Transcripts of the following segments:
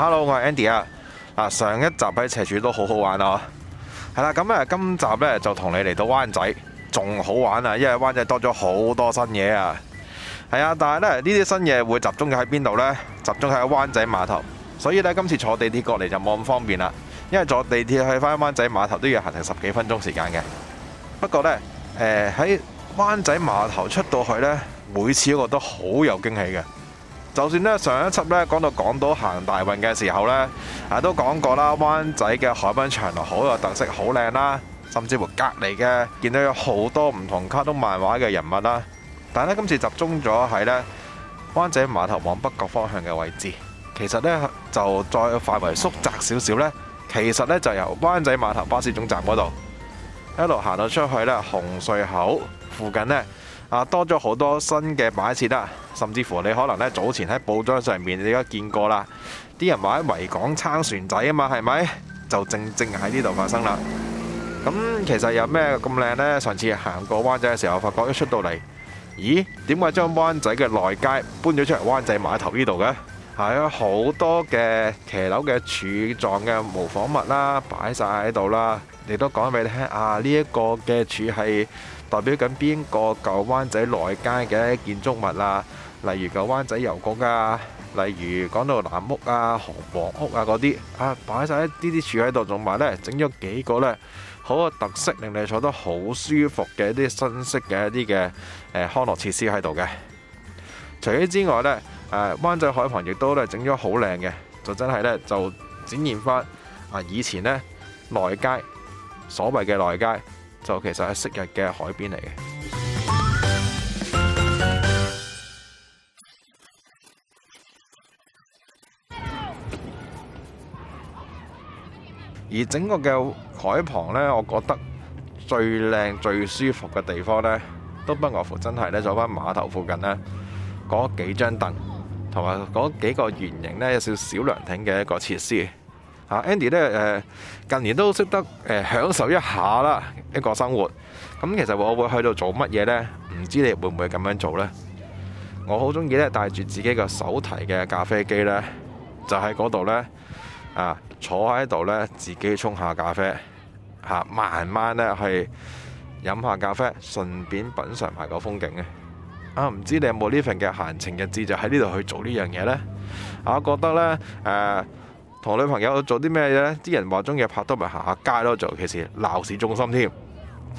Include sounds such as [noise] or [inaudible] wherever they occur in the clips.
Hello，我係 Andy 啊！嗱，上一集喺赤柱都好好玩啊。係啦，咁啊，今集呢，就同你嚟到灣仔，仲好玩啊，因為灣仔多咗好多新嘢啊，係啊，但係呢呢啲新嘢會集中喺邊度呢？集中喺灣仔碼頭，所以呢，今次坐地鐵過嚟就冇咁方便啦，因為坐地鐵去返灣仔碼頭都要行成十幾分鐘時間嘅。不過呢，喺、呃、灣仔碼頭出到去呢，每次我都覺得好有驚喜嘅。就算呢，上一輯呢講到港島行大運嘅時候呢，啊都講過啦，灣仔嘅海濱長廊好有特色，好靚啦，甚至乎隔籬嘅見到有好多唔同卡通漫畫嘅人物啦。但係呢今次集中咗喺呢灣仔碼頭往北角方向嘅位置，其實呢，就再範圍縮窄少少呢。其實呢，就由灣仔碼頭巴士總站嗰度一路行到出去呢，紅隧口附近呢。啊，多咗好多新嘅擺設啦，甚至乎你可能呢，早前喺報章上面你都見過啦。啲人話喺維港撐船仔啊嘛，係咪？就正正喺呢度發生啦。咁其實有咩咁靚呢？上次行過灣仔嘅時候，我發覺一出到嚟，咦？點解將灣仔嘅內街搬咗出嚟灣仔碼頭呢度嘅？係啊，好多嘅騎樓嘅柱狀嘅模仿物啦，擺晒喺度啦。都你都講俾你聽啊，呢、這、一個嘅柱係，代表緊邊個舊灣仔內街嘅建築物啊，例如舊灣仔郵局啊，例如講到藍屋啊、紅房屋啊嗰啲啊，擺晒一啲啲柱喺度，仲埋呢整咗幾個呢，好有特色，令你坐得好舒服嘅一啲新式嘅一啲嘅、呃、康樂設施喺度嘅。除此之外呢，誒、啊、灣仔海旁亦都呢整咗好靚嘅，就真係呢，就展現翻啊以前呢內街所謂嘅內街。就其實係昔日嘅海邊嚟嘅，而整個嘅海旁呢，我覺得最靚最舒服嘅地方呢，都不外乎真係呢，坐返碼頭附近呢嗰幾張凳，同埋嗰幾個圓形呢，有少少涼亭嘅一個設施。Andy 咧，誒近年都識得誒享受一下啦，一個生活，咁其實我會去到做乜嘢呢？唔知你會唔會咁樣做呢？我好中意咧，帶住自己個手提嘅咖啡機呢，就喺嗰度呢啊，坐喺度呢，自己沖下咖啡嚇、啊，慢慢呢去飲下咖啡，順便品嚐埋個風景啊，唔知你有冇呢份嘅閒情逸致，就喺呢度去做這件事呢樣嘢呢？啊，我覺得呢。誒、啊、～同女朋友做啲咩嘢呢？啲人話中意拍拖咪行下街咯，尤其是鬧市中心添，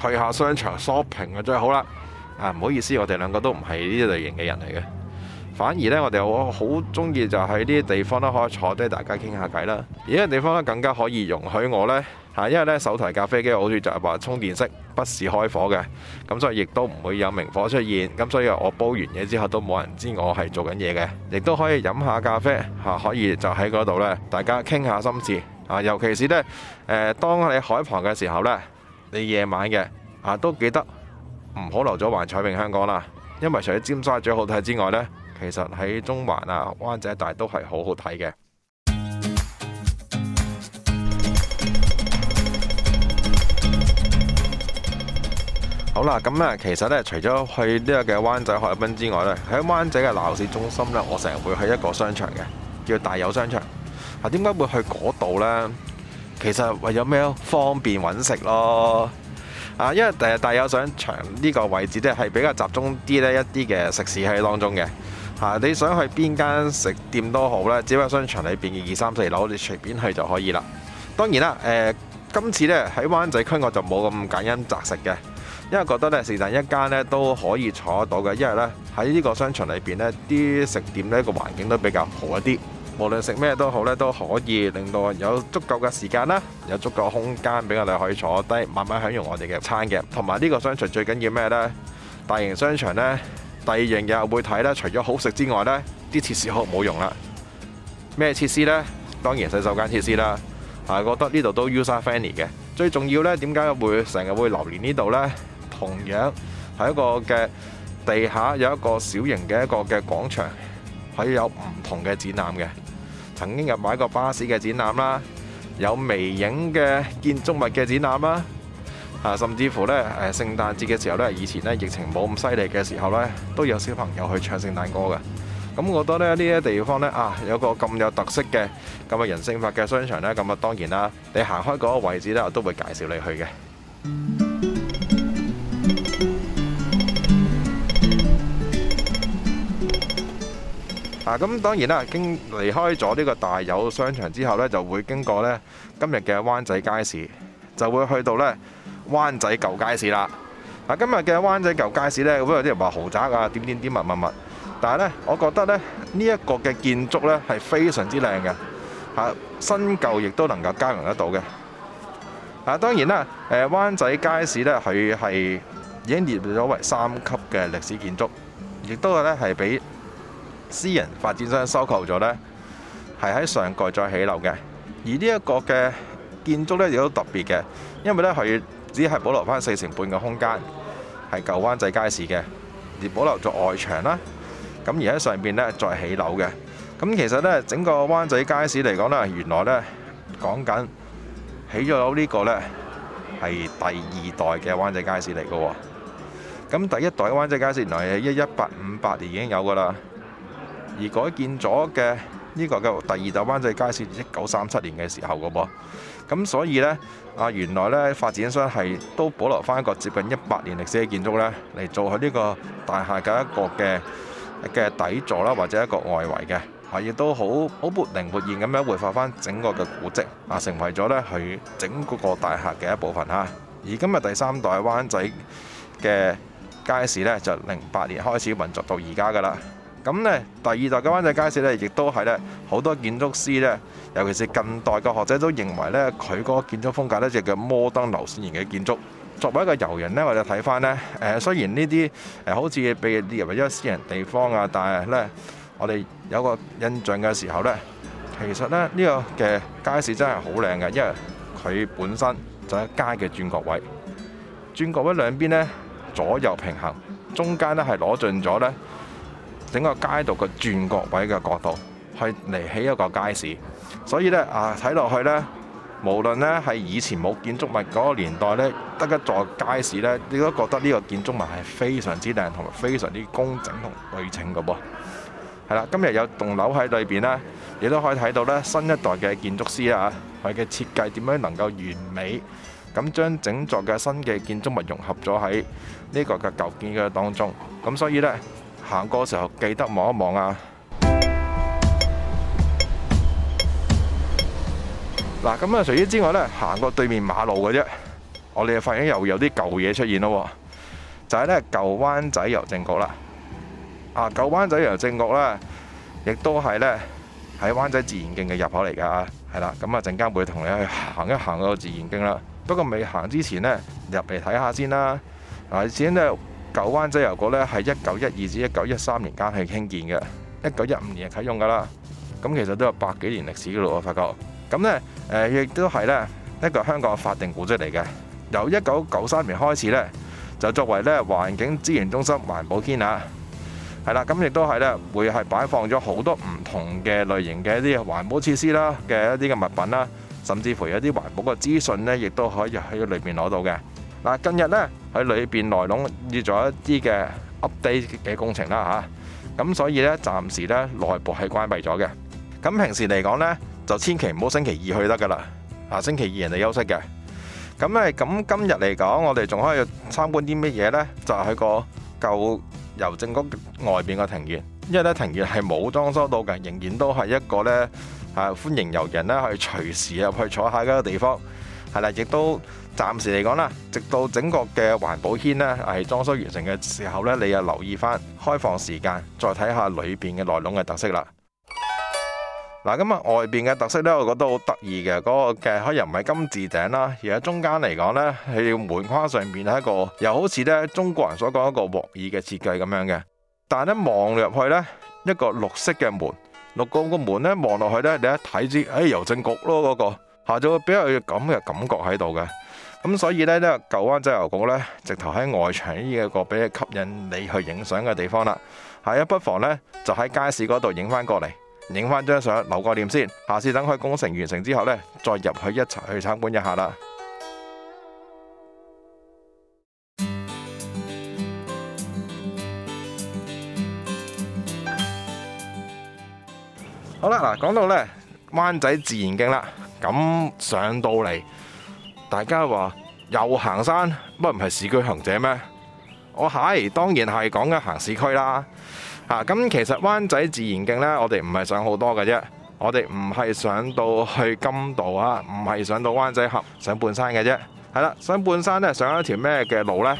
去下商場 shopping 啊最好啦。啊，唔好意思，我哋兩個都唔係呢類型嘅人嚟嘅。反而呢，我哋好好中意就喺啲地方呢，可以坐低大家傾下偈啦。而呢個地方呢更加可以容許我呢，嚇，因為呢手提咖啡機好似就係話充電式，不是開火嘅咁，所以亦都唔會有明火出現。咁所以我煲完嘢之後都冇人知我係做緊嘢嘅，亦都可以飲下咖啡吓，可以就喺嗰度呢，大家傾下心事啊。尤其是呢，當你海旁嘅時候呢，你夜晚嘅啊都記得唔好留咗幻彩詠香江啦，因為除咗尖沙咀好睇之外呢。其實喺中環啊、灣仔、大都係好好睇嘅。好啦，咁啊，其實咧，除咗去呢個嘅灣仔海濱之外咧，喺灣仔嘅鬧市中心咧，我成日會去一個商場嘅，叫大友商場。啊，點解會去嗰度呢？其實為咗咩？方便揾食咯。啊，因為誒，大友商場呢個位置咧係比較集中啲呢一啲嘅食肆喺當中嘅。啊、你想去邊間食店都好呢，只不過商場裏面嘅二三四樓，你隨便去就可以啦。當然啦、呃，今次呢喺灣仔區我就冇咁揀飲擇食嘅，因為覺得呢是但一間呢都可以坐得到嘅。因為呢喺呢個商場裏面呢啲食店呢個環境都比較好一啲，無論食咩都好呢，都可以令到有足夠嘅時間啦，有足夠的空間俾我哋可以坐低慢慢享用我哋嘅餐嘅。同埋呢個商場最緊要咩呢？大型商場呢。第二樣嘢我會睇啦，除咗好食之外呢，啲設施好冇用啦。咩設施呢？當然洗手間設施啦。啊，覺得呢度都 user friendly 嘅。最重要呢，點解會成日會流連呢度呢？同樣係一個嘅地下有一個小型嘅一個嘅廣場，可以有唔同嘅展覽嘅。曾經有買過巴士嘅展覽啦，有微影嘅建築物嘅展覽啦。啊，甚至乎咧，誒聖誕節嘅時候咧，以前咧疫情冇咁犀利嘅時候咧，都有小朋友去唱聖誕歌嘅。咁我覺得咧呢啲地方咧啊，有個咁有特色嘅咁嘅人性化嘅商場咧，咁啊當然啦，你行開嗰個位置咧，我都會介紹你去嘅。啊，咁當然啦，經離開咗呢個大有商場之後咧，就會經過咧今日嘅灣仔街市，就會去到咧。灣仔舊街市啦，嗱，今日嘅灣仔舊街市呢，咁有啲人話豪宅啊，點點點乜乜乜。但係呢，我覺得咧呢一個嘅建築呢，係非常之靚嘅嚇，新舊亦都能夠交融得到嘅。啊，當然啦，誒灣仔街市呢，佢係已經列入咗為三級嘅歷史建築，亦都係咧係俾私人發展商收購咗呢係喺上蓋再起樓嘅。而呢一個嘅建築呢，亦都特別嘅，因為呢，佢。只係保留翻四成半嘅空間，係舊灣仔街市嘅，而保留咗外牆啦。咁而喺上邊呢再起樓嘅。咁其實呢整個灣仔街市嚟講咧，原來呢講緊起咗樓呢個呢係第二代嘅灣仔街市嚟嘅喎。咁第一代灣仔街市原來係一一八五八年已經有㗎啦，而改建咗嘅。呢個嘅第二代灣仔街市，一九三七年嘅時候嘅噃，咁所以呢，啊原來呢發展商係都保留翻一個接近一百年歷史嘅建築呢，嚟做佢呢個大廈嘅一個嘅嘅底座啦，或者一個外圍嘅，啊亦都好好活靈活現咁樣活化翻整個嘅古跡，啊成為咗呢佢整嗰個大廈嘅一部分嚇。而今日第三代灣仔嘅街市呢，就零八年開始運作到而家噶啦。咁呢，第二代嘅灣仔街市呢，亦都係呢好多建築師呢，尤其是近代嘅學者都認為呢，佢嗰個建築風格呢，就叫摩登流線型嘅建築。作為一個遊人呢，我哋睇翻呢。誒、呃、雖然呢啲誒好似被列入為一個私人地方啊，但係呢，我哋有個印象嘅時候呢，其實呢，呢、呢個嘅街市真係好靚嘅，因為佢本身就喺街嘅轉角位，轉角位兩邊呢，左右平衡，中間呢，係攞盡咗呢。整個街道嘅轉角位嘅角度，去嚟起一個街市，所以呢，啊睇落去呢，無論呢係以前冇建築物嗰個年代呢，得一座街市呢，亦都覺得呢個建築物係非常之靚，同埋非常之工整同對稱嘅噃。係啦，今日有棟樓喺裏邊呢，亦都可以睇到呢新一代嘅建築師啊，佢嘅設計點樣能夠完美咁將整座嘅新嘅建築物融合咗喺呢個嘅舊建嘅當中，咁所以呢。行過嘅時候記得望一望啊！嗱，咁啊，除此之外呢，行過對面馬路嘅啫，我哋又發現又有啲舊嘢出現咯，就係呢舊灣仔郵政局啦，啊，舊灣仔郵政局呢，亦都係呢喺灣仔自然徑嘅入口嚟噶，係啦，咁啊，陣間會同你去行一行嗰個自然徑啦。不過未行之前呢，入嚟睇下先啦，啊，先咧。九灣仔郵局咧係一九一二至一九一三年間係興建嘅，一九一五年就啟用噶啦。咁其實都有百幾年歷史嘅咯，我發覺。咁呢，誒亦都係呢一個香港嘅法定古蹟嚟嘅。由一九九三年開始呢，就作為呢環境資源中心環保軒啊，係啦。咁亦都係呢會係擺放咗好多唔同嘅類型嘅一啲環保設施啦嘅一啲嘅物品啦，甚至乎有啲環保嘅資訊呢，亦都可以喺裏面攞到嘅。嗱，近日呢。喺裏邊內攏要做一啲嘅 update 嘅工程啦吓，咁所以咧，暫時咧內部係關閉咗嘅。咁平時嚟講咧，就千祈唔好星期二去得噶啦，啊星期二人哋休息嘅。咁咧，咁今日嚟講，我哋仲可以參觀啲乜嘢咧？就係去個舊郵政局外邊嘅庭園，因為咧庭園係冇裝修到嘅，仍然都係一個咧，啊歡迎遊人咧去隨時入去坐下嘅一個地方，係啦，亦都。暫時嚟講啦，直到整個嘅環保軒呢係裝修完成嘅時候呢，你又留意返開放時間，再睇下裏邊嘅內籠嘅特色啦。嗱，咁啊外邊嘅特色呢，我覺得好得意嘅，嗰、嗰個嘅又唔係金字頂啦，而喺中間嚟講呢，喺門框上面係一個又好似呢中國人所講一個鑊耳嘅設計咁樣嘅。但係一望落去呢，一個綠色嘅門，綠個個門呢，望落去呢，你一睇知，誒郵政局咯嗰、嗰個，下晝會比較有咁嘅感覺喺度嘅。咁所以呢呢個舊灣仔郵局呢，直頭喺外牆呢個比較吸引你去影相嘅地方啦。係啊，不妨呢，就喺街市嗰度影翻過嚟，影翻張相留個念先。下次等佢工程完成之後呢，再入去一齊去參觀一下啦。好啦，嗱，講到呢，灣仔自然徑啦，咁上到嚟。大家話又行山，乜唔係市區行者咩？我、oh, 係當然係講緊行市區啦。咁、啊、其實灣仔自然徑呢，我哋唔係上好多嘅啫。我哋唔係上到去金道啊，唔係上到灣仔峽上半山嘅啫。係啦，上半山呢，上一條咩嘅路呢？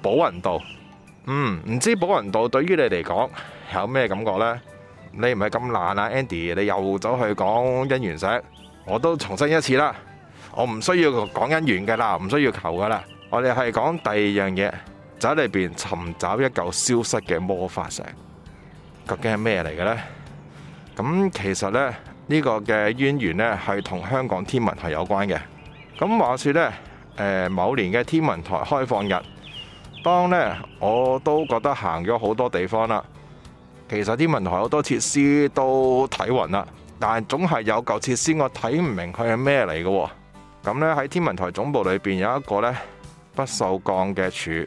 寶雲道。嗯，唔知寶雲道對於你嚟講有咩感覺呢？你唔係咁懶啊，Andy，你又走去講姻緣石，我都重申一次啦。我唔需要講姻緣嘅啦，唔需要求噶啦。我哋係講第二樣嘢，就喺、是、裏邊尋找一嚿消失嘅魔法石。究竟係咩嚟嘅呢？咁其實呢，呢、這個嘅淵源呢係同香港天文台有關嘅。咁話說呢，呃、某年嘅天文台開放日，當呢我都覺得行咗好多地方啦。其實天文台好多設施都睇暈啦，但係總係有嚿設施我睇唔明佢係咩嚟嘅。咁呢，喺天文台總部裏邊有一個呢，不鏽鋼嘅柱，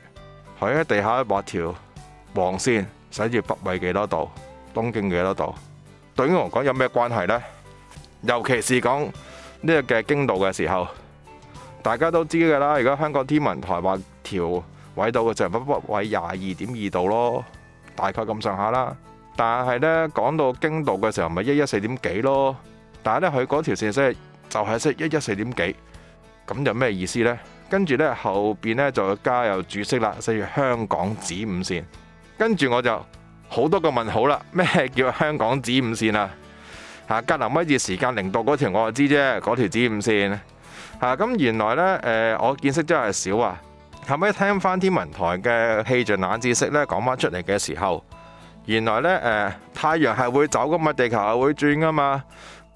佢喺地下畫條黃線，寫住北緯幾多度、東經幾多度。對於我嚟講有咩關係呢？尤其是講呢個嘅經度嘅時候，大家都知嘅啦。而家香港天文台畫條緯度嘅就北北緯廿二點二度咯，大概咁上下啦。但係呢，講到經度嘅時候，咪一一四點幾咯。但係呢，佢嗰條線即係。就係識一一四點幾，咁就咩意思呢？跟住呢，後邊呢就加入註釋啦，寫住香港指五綫。跟住我就好多個問號啦，咩叫香港指五綫啊？吓，格林威治時間零度嗰條我就知啫，嗰條指五綫。吓、啊，咁原來呢，誒、呃，我見識真係少啊。後尾聽翻天文台嘅氣象冷知識呢講翻出嚟嘅時候，原來呢，誒、呃，太陽係會走噶嘛，地球係會轉噶嘛。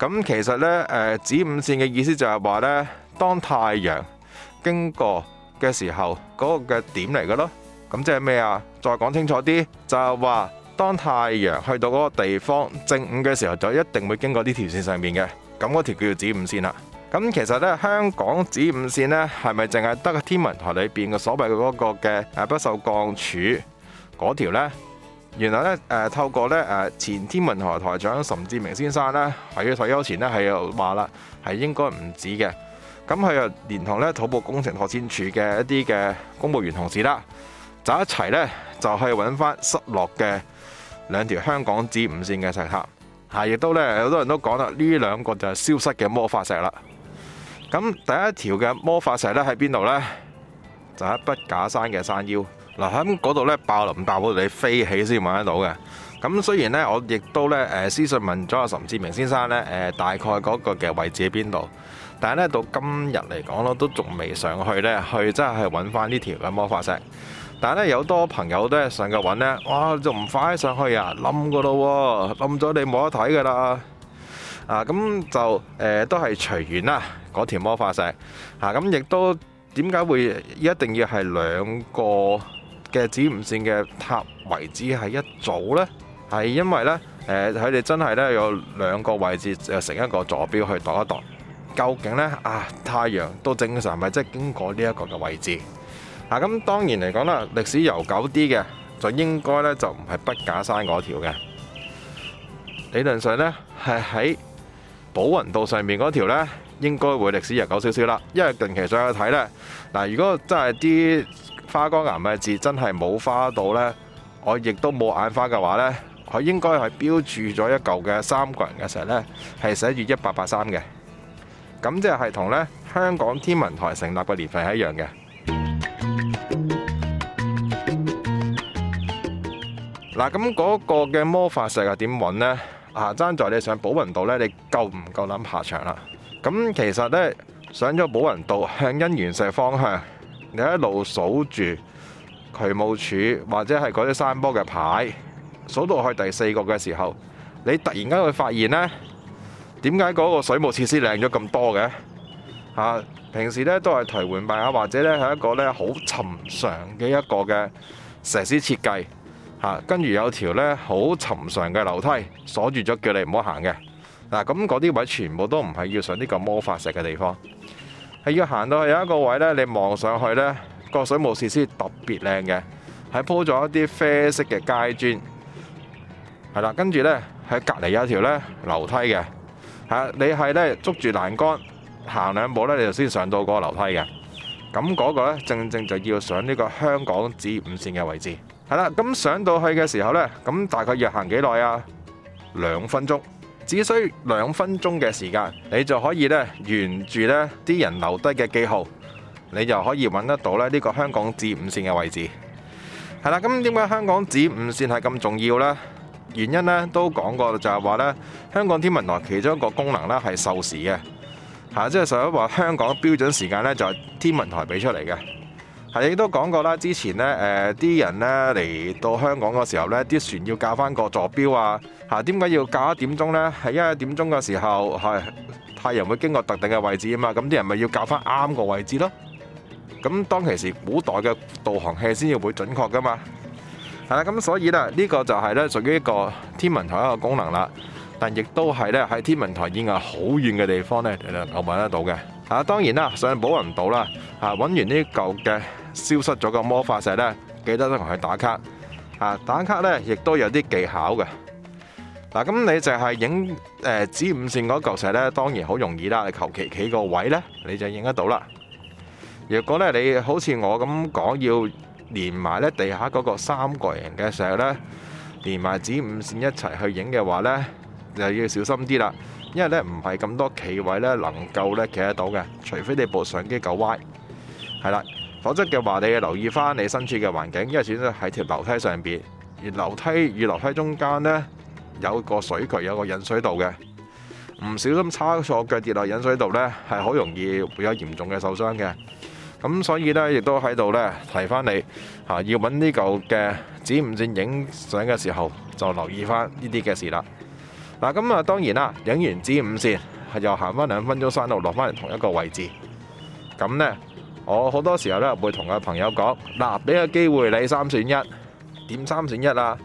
咁其實呢，誒，子午線嘅意思就係話呢，當太陽經過嘅時候，嗰、那個嘅點嚟嘅咯。咁即係咩啊？再講清楚啲，就係、是、話當太陽去到嗰個地方正午嘅時候，就一定會經過呢條線上面嘅。咁嗰條叫做子午線啦。咁其實呢，香港子午線呢，係咪淨係得天文台裏邊嘅所謂嘅嗰個嘅不銹鋼柱嗰條、那個、呢？原來呢，誒、呃、透過呢誒、呃、前天文台台長岑志明先生呢，喺佢退休前呢，係又話啦，係應該唔止嘅。咁佢又連同呢土木工程拓展處嘅一啲嘅公務員同事啦，就一齊呢，就係揾返失落嘅兩條香港子午線嘅石塔，係、啊、亦都呢，好多人都講啦，呢兩個就係消失嘅魔法石啦。咁第一條嘅魔法石呢，喺邊度呢？就喺筆架山嘅山腰。嗱，咁嗰度咧，爆林爆嗰度，你飛起先揾得到嘅。咁雖然呢，我亦都咧，私信問咗阿岑志明先生咧，大概嗰個嘅位置喺邊度？但係咧，到今日嚟講囉，都仲未上去咧，去真係搵翻呢條嘅魔法石。但係咧，有多朋友都係上去搵咧，哇，仲唔快上去啊？冧噶咯，冧咗你冇得睇噶啦。啊，咁就、欸、都係隨緣啦。嗰條魔法石，咁、啊、亦都點解會一定要係兩個？嘅子午線嘅塔位置係一組呢，係因為呢，佢、呃、哋真係呢，有兩個位置，成一個座標去度一度，究竟呢，啊太陽都正常係咪即係經過呢一個嘅位置。咁、啊，當然嚟講啦，歷史悠久啲嘅就應該呢，就唔係筆架山嗰條嘅，理論上呢，係喺寶雲道上面嗰條呢，應該會歷史悠久少少啦。因為近期上去睇呢，嗱如果真係啲。花崗岩嘅字真係冇花到，也沒有花呢？我亦都冇眼花嘅話呢，佢應該係標注咗一嚿嘅三個人嘅石呢，係寫住一八八三嘅，咁即係同呢香港天文台成立嘅年份係一樣嘅。嗱，咁 [noise] 嗰樂個嘅魔法石係點揾呢？啊，爭在你上寶雲道呢，你夠唔夠諗爬牆啦？咁其實呢，上咗寶雲道向姻緣石方向。你一路數住渠務署或者係嗰啲山坡嘅牌，數到去第四個嘅時候，你突然間會發現呢點解嗰個水務設施靚咗咁多嘅？嚇、啊，平時呢都係頹垣敗瓦，或者呢係一個呢好尋常嘅一個嘅石屎設計嚇，跟、啊、住有一條呢好尋常嘅樓梯鎖住咗，叫你唔好行嘅嗱，咁嗰啲位置全部都唔係要上呢個魔法石嘅地方。喺要行到去有一個位，那個，一呢，你望上去呢個水務設施特別靚嘅，係鋪咗一啲啡色嘅街磚，係啦，跟住呢，喺隔籬有條呢樓梯嘅，吓你係呢捉住欄杆行兩步呢，你就先上到個樓梯嘅。咁，那，嗰個呢，正正就要上呢個香港之五線嘅位置，係啦。咁上到去嘅時候呢，咁大概要行幾耐啊？兩分鐘。只需兩分鐘嘅時間，你就可以咧沿住咧啲人留低嘅記號，你就可以揾得到咧呢個香港子午線嘅位置。係啦，咁點解香港子午線係咁重要呢？原因呢都講過就係，就係話呢香港天文台其中一個功能呢係授時嘅，嚇、啊，即係首先話香港標準時間呢，就係天文台俾出嚟嘅。係亦都講過啦，之前呢誒啲人呢嚟到香港嘅時候呢，啲船要校翻個座標啊！嚇，點解要校一點鐘呢？係因為一點鐘嘅時候係太陽會經過特定嘅位置啊嘛，咁啲人咪要校翻啱個位置咯。咁當其時古代嘅導航器先至會準確噶嘛。係啦，咁所以呢，呢、呢個就係呢屬於一個天文台一個功能啦。但亦都係呢，喺天文台以外好遠嘅地方呢能夠揾得到嘅。啊，當然啦，上保雲島啦，啊揾完呢嚿嘅。消失咗個魔法石呢，記得都同佢打卡嚇。打卡呢，亦都有啲技巧嘅嗱。咁你就係影誒子午線嗰嚿石呢，當然好容易啦。你求其企個位呢，你就影得到啦。如果呢，你好似我咁講，要連埋呢地下嗰個三角形嘅石呢，連埋子午線一齊去影嘅話呢，就要小心啲啦，因為呢唔係咁多企位呢能夠呢企得到嘅，除非你部相機夠歪，係啦。否則嘅話，你要留意返你身處嘅環境，因為始終喺條樓梯上邊，而樓梯與樓梯中間呢，有個水渠，有個引水道嘅，唔小心差錯腳跌落引水道呢，係好容易會有嚴重嘅受傷嘅。咁所以呢，亦都喺度呢，提翻你，吓要揾，呢嚿嘅子午線影相嘅時候，就留意返呢啲嘅事啦。嗱，咁啊，當然啦，影完子午線，又行返兩分鐘山路，落返嚟同一個位置，咁呢。我好多時候咧會同個朋友講：嗱，畀個機會你三選一，點三選一啊？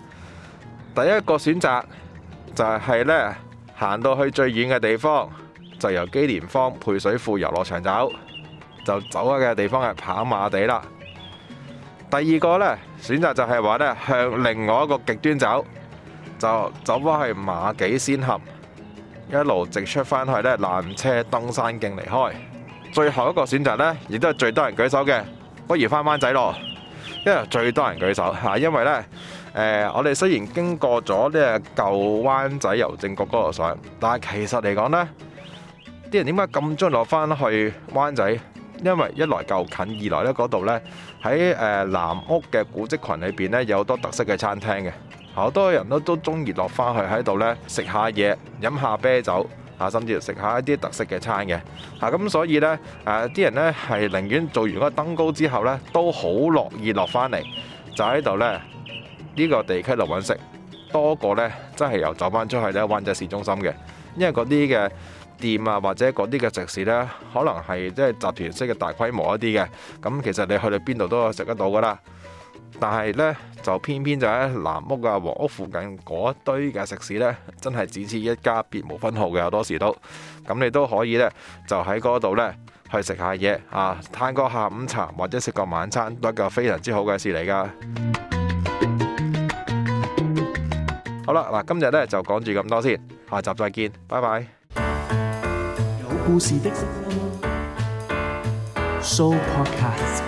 第一個選擇就係呢，行到去最遠嘅地方，就由基連坊配水庫遊樂場走，就走咗嘅地方係跑馬地啦。第二個呢，選擇就係話呢，向另外一個極端走，就走返去馬己仙峽，一路直出返去呢，纜車登山徑離開。最後一個選擇呢，亦都係最多人舉手嘅，不如返灣仔咯，因為最多人舉手嚇、啊，因為呢，誒、呃，我哋雖然經過咗啲舊灣仔郵政局嗰度上，但係其實嚟講呢，啲人點解咁中意落返去灣仔？因為一來夠近，二來呢嗰度呢，喺誒藍屋嘅古蹟群裏邊呢，有好多特色嘅餐廳嘅，好多人都都中意落返去喺度呢，食下嘢，飲下啤酒。啊，甚至食下一啲特色嘅餐嘅，咁所以呢誒啲、啊、人呢，係寧願做完嗰個登高之後呢，都好樂意落返嚟，就喺度呢，呢、呢個地區度揾食，多過呢，真係由走返出去呢灣仔市中心嘅，因為嗰啲嘅店啊或者嗰啲嘅食肆呢，可能係即係集團式嘅大規模一啲嘅，咁其實你去到邊度都食得到噶啦。但係咧，就偏偏就喺南屋啊、和屋附近嗰堆嘅食肆咧，真係只此一家別無分號嘅，多時都咁你都可以咧，就喺嗰度咧去食下嘢啊，攤個下午茶或者食個晚餐都係一個非常之好嘅事嚟噶。 [music] 好啦，嗱，今日咧就講住咁多先，下集再見，拜拜。有故事 Show Podcast。